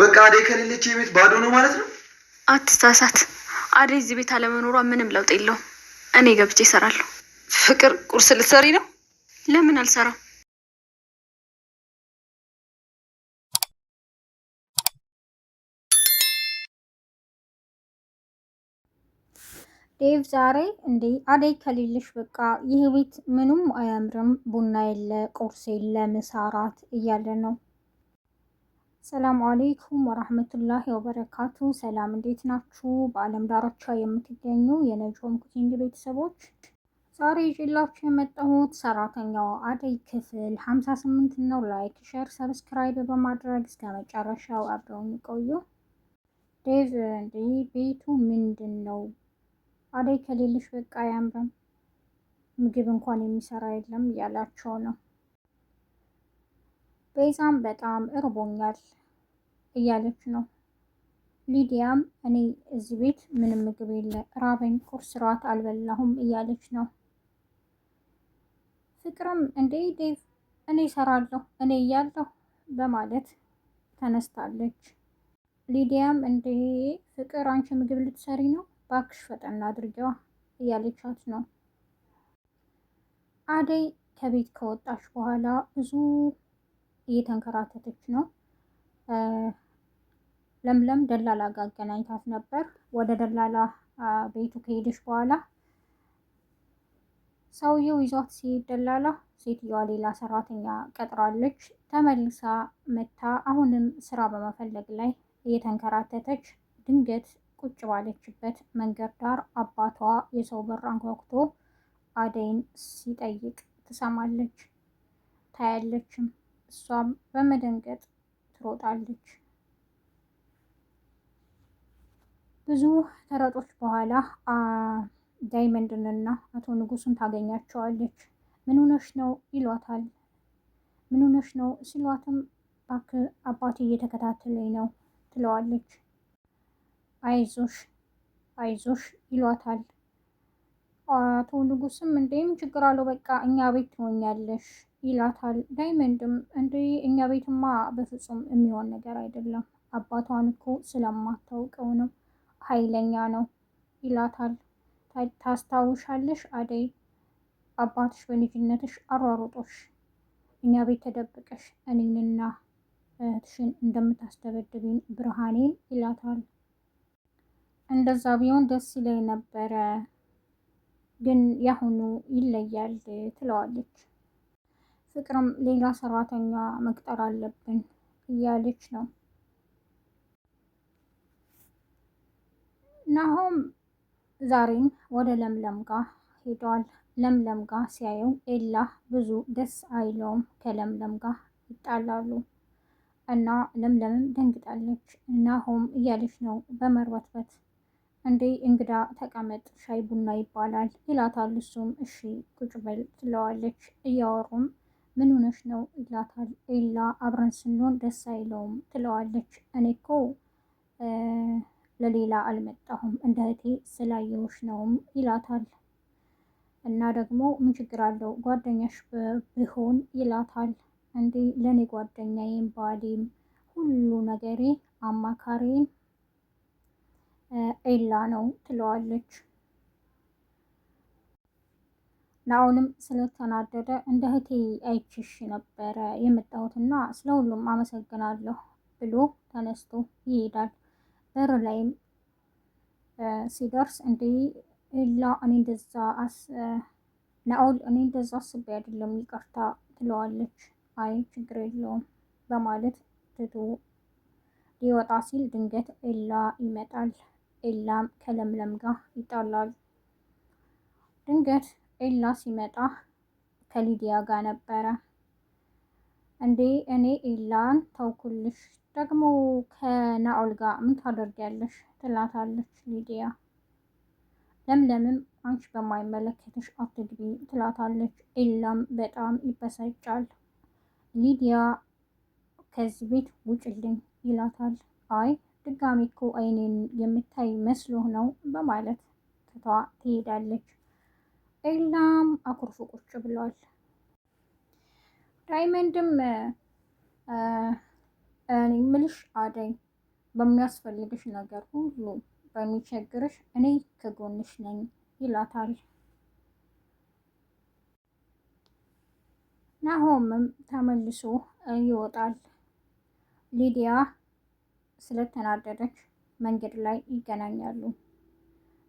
በቃ አደይ ከሌለች ቤት ባዶ ነው ማለት ነው። አትሳሳት። አደይ እዚህ ቤት አለመኖሯ ምንም ለውጥ የለውም። እኔ ገብቼ እሰራለሁ። ፍቅር ቁርስ ልትሰሪ ነው? ለምን አልሰራም? ዴቭ ዛሬ እንዴ አደይ ከሌለሽ በቃ ይህ ቤት ምንም አያምርም፣ ቡና የለ፣ ቁርስ የለ፣ ምሳ፣ እራት እያለ ነው ሰላም አሌይኩም ወራህመቱላሂ ወበረካቱ። ሰላም እንዴት ናችሁ? በአለም ዳርቻ የምትገኙ የነጆም ኩኪንግ ቤተሰቦች ዛሬ ይዤላችሁ የመጣሁት ሰራተኛው አደይ ክፍል 58 ነው። ላይክ፣ ሼር፣ ሰብስክራይብ በማድረግ እስከ መጨረሻው አብረውን ቆዩ። ዴቭ እንዲህ ቤቱ ምንድን ነው? አደይ ከሌለሽ በቃ አያምርም፣ ምግብ እንኳን የሚሰራ የለም እያላቸው ነው። ቤዛም በጣም እርቦኛል እያለች ነው። ሊዲያም እኔ እዚህ ቤት ምንም ምግብ የለ፣ ራበኝ፣ ቁርስ ራት አልበላሁም እያለች ነው። ፍቅርም እንዴ ዴቭ እኔ እሰራለሁ እኔ እያለሁ በማለት ተነስታለች። ሊዲያም እንዴ ፍቅር አንቺ ምግብ ልትሰሪ ነው? ባክሽ ፈጠና አድርጊዋ እያለቻት ነው። አደይ ከቤት ከወጣች በኋላ ብዙ እየተንከራተተች ነው። ለምለም ደላላ ጋር አገናኝታት ነበር። ወደ ደላላ ቤቱ ከሄደች በኋላ ሰውየው ይዟት ሲሄድ ደላላ ሴትዮዋ ሌላ ሰራተኛ ቀጥራለች። ተመልሳ መታ አሁንም ስራ በመፈለግ ላይ እየተንከራተተች ድንገት ቁጭ ባለችበት መንገድ ዳር አባቷ የሰው በር አንኳኩቶ አደይን ሲጠይቅ ትሰማለች፣ ታያለችም። እሷም በመደንገጥ ትሮጣለች። ብዙ ተረጦች በኋላ ዳይመንድንና አቶ ንጉሱን ታገኛቸዋለች። ምን ሆነሽ ነው ይሏታል። ምን ሆነሽ ነው ሲሏትም እባክህ አባቴ እየተከታተለኝ ነው ትለዋለች። አይዞሽ አይዞሽ ይሏታል። አቶ ንጉስም እንዴ ችግር አለው በቃ እኛ ቤት ትሆኛለሽ ይላታል። ዳይመንድም እንዴ እኛ ቤትማ በፍጹም የሚሆን ነገር አይደለም፣ አባቷን እኮ ስለማታውቀው ነው፣ ኃይለኛ ነው ይላታል። ታስታውሻለሽ አደይ አባትሽ በልጅነትሽ አሯሩጦሽ እኛ ቤት ተደብቀሽ እኔንና እህትሽን እንደምታስደበድብኝ ብርሃኔን ይላታል። እንደዛ ቢሆን ደስ ይለኝ ነበረ ግን ያሁኑ ይለያል ትለዋለች። ፍቅርም ሌላ ሰራተኛ መቅጠር አለብን እያለች ነው። ናሆም ዛሬም ወደ ለምለም ጋር ሄደዋል። ለምለም ጋር ሲያየው ኤላ ብዙ ደስ አይለውም። ከለምለም ጋር ይጣላሉ እና ለምለምም ደንግጣለች። ናሆም እያለች ነው በመርበትበት እንዴ እንግዳ ተቀመጥ፣ ሻይ ቡና ይባላል ይላታል። እሱም እሺ ቁጭ በል ትለዋለች። እያወሩም ምን ሆነሽ ነው ይላታል። ኤላ አብረን ስንሆን ደስ አይለውም ትለዋለች። እኔ እኮ ለሌላ አልመጣሁም እንደ እህቴ ስላየሁሽ ነውም ይላታል። እና ደግሞ ምን ችግር አለው ጓደኛሽ ብሆን ይላታል። እንዴ ለእኔ ጓደኛዬም ባሌም ሁሉ ነገሬ አማካሪን ኤላ ነው ትለዋለች። ናኦልም ስለተናደደ እንደ እህቴ አይችሽ ነበረ የመጣሁትና ስለ ሁሉም አመሰግናለሁ ብሎ ተነስቶ ይሄዳል። በር ላይም ሲደርስ እንደ ኤላ፣ እኔ እንደዛ ናኦል፣ እኔ እንደዛ አስቤ አይደለም ይቅርታ ትለዋለች። አይ ችግር የለውም በማለት ትቶ ሊወጣ ሲል ድንገት ኤላ ይመጣል። ኤላም ከለምለም ጋር ይጣላል። ድንገት ኤላ ሲመጣ ከሊዲያ ጋር ነበረ። እንዴ እኔ ኤላን ተውኩልሽ፣ ደግሞ ከናኦል ጋር ምን ታደርጊያለሽ? ትላታለች ሊዲያ። ለምለምም አንቺ በማይመለከትሽ አትግቢ ትላታለች። ኤላም በጣም ይበሳጫል። ሊዲያ ከዚህ ቤት ውጭልኝ ይላታል። አይ ድጋሚ እኮ አይኔን የምታይ መስሎህ ነው በማለት ትታ ትሄዳለች። ኤላም አኩርፎ ቁጭ ብሏል። ዳይመንድም እኔ ምልሽ አደይ፣ በሚያስፈልግሽ ነገር ሁሉ በሚቸግርሽ እኔ ከጎንሽ ነኝ ይላታል። ናሆምም ተመልሶ ይወጣል። ሊዲያ ስለተናደደች መንገድ ላይ ይገናኛሉ።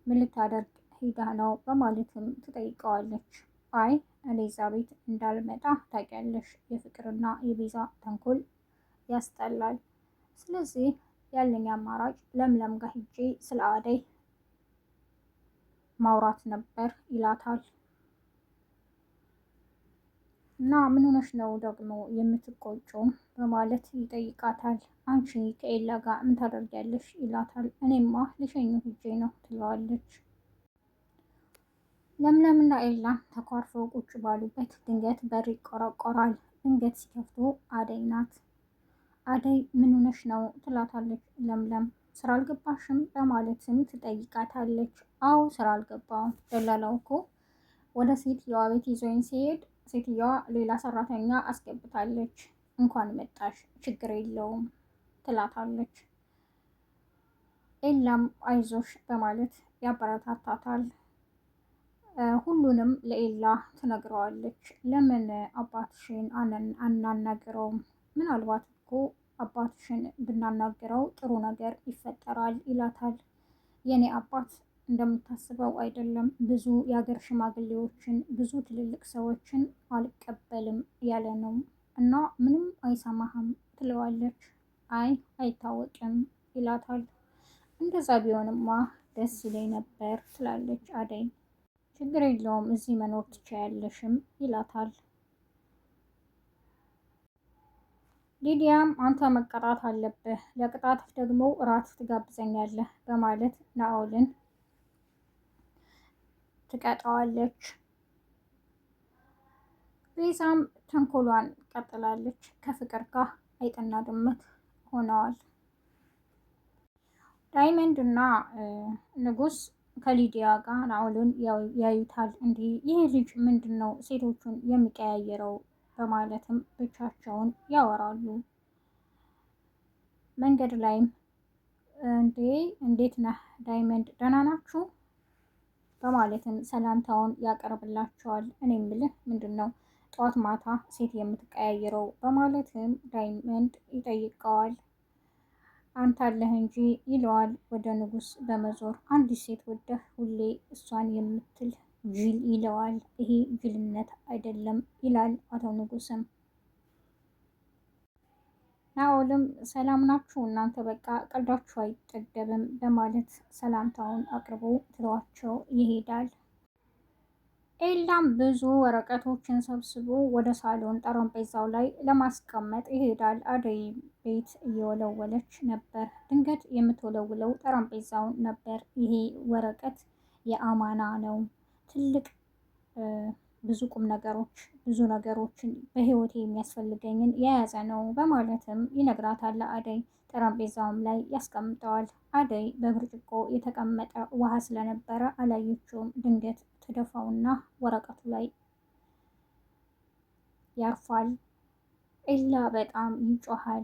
ምን ልታደርግ ሂደህ ነው በማለትም ትጠይቀዋለች። አይ ኤሊዛቤት ቤት እንዳልመጣ ታውቂያለሽ፣ የፍቅርና የቤዛ ተንኮል ያስጠላል። ስለዚህ ያለኝ አማራጭ ለምለም ጋር ሂጄ ስለ አደይ ማውራት ነበር ይላታል። እና ምን ሆነሽ ነው ደግሞ የምትቆጪው? በማለት ይጠይቃታል። አንቺ ከኤላ ጋር ምን ታደርጊያለሽ? ይላታል። እኔማ ልሸኝ ሂጄ ነው ትለዋለች። ለምለምና ኤላ ተኳርፈው ቁጭ ባሉበት ድንገት በር ይቆረቆራል። ድንገት ሲከፍቱ አደይ ናት። አደይ ምን ሆነሽ ነው ትላታለች ለምለም ስራ አልገባሽም በማለትም ትጠይቃታለች። አዎ ስራ አልገባውም ደላላው እኮ ወደ ሴት ቤት ይዞኝ ሲሄድ ሴትዮዋ ሌላ ሰራተኛ አስገብታለች። እንኳን መጣሽ፣ ችግር የለውም ትላታለች። ኤላም አይዞሽ በማለት ያበረታታታል። ሁሉንም ለኤላ ትነግረዋለች። ለምን አባትሽን አናናግረውም? ምናልባት እኮ አባትሽን ብናናግረው ጥሩ ነገር ይፈጠራል ይላታል። የኔ አባት እንደምታስበው አይደለም። ብዙ የሀገር ሽማግሌዎችን ብዙ ትልልቅ ሰዎችን አልቀበልም ያለ ነው እና ምንም አይሰማህም ትለዋለች። አይ አይታወቅም ይላታል። እንደዛ ቢሆንማ ደስ ይለኝ ነበር ትላለች አደይ። ችግር የለውም እዚህ መኖር ትችያለሽም ይላታል። ሊዲያም አንተ መቀጣት አለብህ፣ ለቅጣት ደግሞ እራት ትጋብዘኛለህ በማለት ናኦልን ትቀጣዋለች። ቤዛም ተንኮሏን ቀጥላለች። ከፍቅር ጋር አይጥና ድመት ሆነዋል። ዳይመንድ እና ንጉስ ከሊዲያ ጋር ናኦልን ያዩታል። እንዲህ ይህ ልጅ ምንድን ነው ሴቶቹን የሚቀያየረው? በማለትም ብቻቸውን ያወራሉ። መንገድ ላይም እንዴ እንዴት ነህ ዳይመንድ፣ ደህና ናችሁ በማለትም ሰላምታውን ያቀርብላቸዋል። እኔ የምልህ ምንድን ነው ጠዋት ማታ ሴት የምትቀያየረው? በማለትም ዳይመንድ ይጠይቀዋል። አንታለህ እንጂ ይለዋል። ወደ ንጉስ በመዞር አንዲት ሴት ወደህ ሁሌ እሷን የምትል ጅል ይለዋል። ይሄ ጅልነት አይደለም ይላል አቶ ንጉስም ናኦልም ሰላም ናችሁ እናንተ በቃ ቀልዳችሁ አይጠገብም በማለት ሰላምታውን አቅርቦ ትሏቸው ይሄዳል። ኤላም ብዙ ወረቀቶችን ሰብስቦ ወደ ሳሎን ጠረጴዛው ላይ ለማስቀመጥ ይሄዳል። አደይ ቤት እየወለወለች ነበር። ድንገት የምትወለውለው ጠረጴዛውን ነበር። ይሄ ወረቀት የአማና ነው ትልቅ ብዙ ቁም ነገሮች ብዙ ነገሮችን በህይወቴ የሚያስፈልገኝን የያዘ ነው በማለትም ይነግራታል። አደይ ጠረጴዛውም ላይ ያስቀምጠዋል። አደይ በብርጭቆ የተቀመጠ ውሃ ስለነበረ አላየችውም። ድንገት ትደፋውና ወረቀቱ ላይ ያርፋል። ኤላ በጣም ይጮሃል።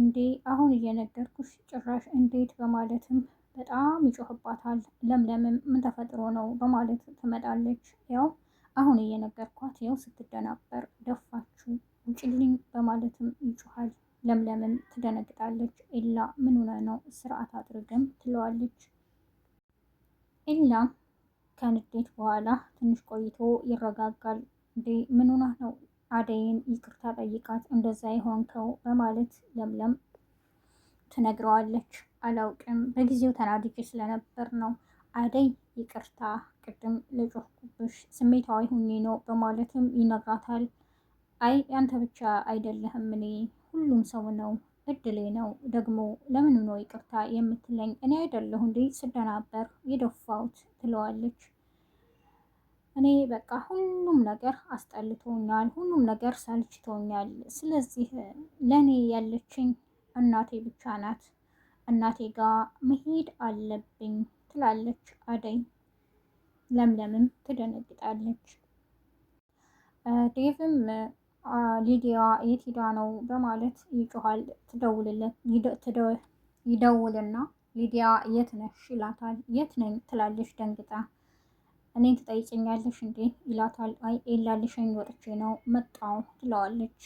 እንዴ አሁን እየነገርኩሽ ጭራሽ እንዴት በማለትም በጣም ይጮህባታል። ለምለምም ምን ተፈጥሮ ነው በማለት ትመጣለች። ያው አሁን እየነገርኳት ያው ስትደናበር ደፋችሁ ውጭልኝ በማለትም ይጮሃል። ለምለምም ትደነግጣለች። ኤላ ምን ሆነ ነው ስርዓት አድርገም ትለዋለች። ኤላ ከንዴት በኋላ ትንሽ ቆይቶ ይረጋጋል። እንዴ ምን ሆና ነው አደይን ይቅርታ ጠይቃት እንደዛ የሆንከው በማለት ለምለም ትነግረዋለች። አላውቅም በጊዜው ተናድጄ ስለነበር ነው አደይ ይቅርታ ቅድም ለጮህኩብሽ ስሜታዊ ሁኔ ነው በማለትም ይነግራታል። አይ ያንተ ብቻ አይደለህም፣ እኔ ሁሉም ሰው ነው እድሌ ነው ደግሞ ለምን ነው ይቅርታ የምትለኝ? እኔ አይደለሁ እንዴ ስደናበር የደፋሁት ትለዋለች። እኔ በቃ ሁሉም ነገር አስጠልቶኛል፣ ሁሉም ነገር ሰልችቶኛል። ስለዚህ ለእኔ ያለችኝ እናቴ ብቻ ናት። እናቴ ጋር መሄድ አለብኝ ትላለች አደይ። ለምለምም ትደነግጣለች። ዴቭም ሊዲያ የት ሄዳ ነው በማለት ይጮኋል። ትደውልለት ይደውልና ሊዲያ የት ነሽ ይላታል። የት ነኝ ትላለች ደንግጣ። እኔን ትጠይቀኛለሽ እንዴ ይላታል። አይ ኤላ ወጥቼ ነው መጣው ትለዋለች።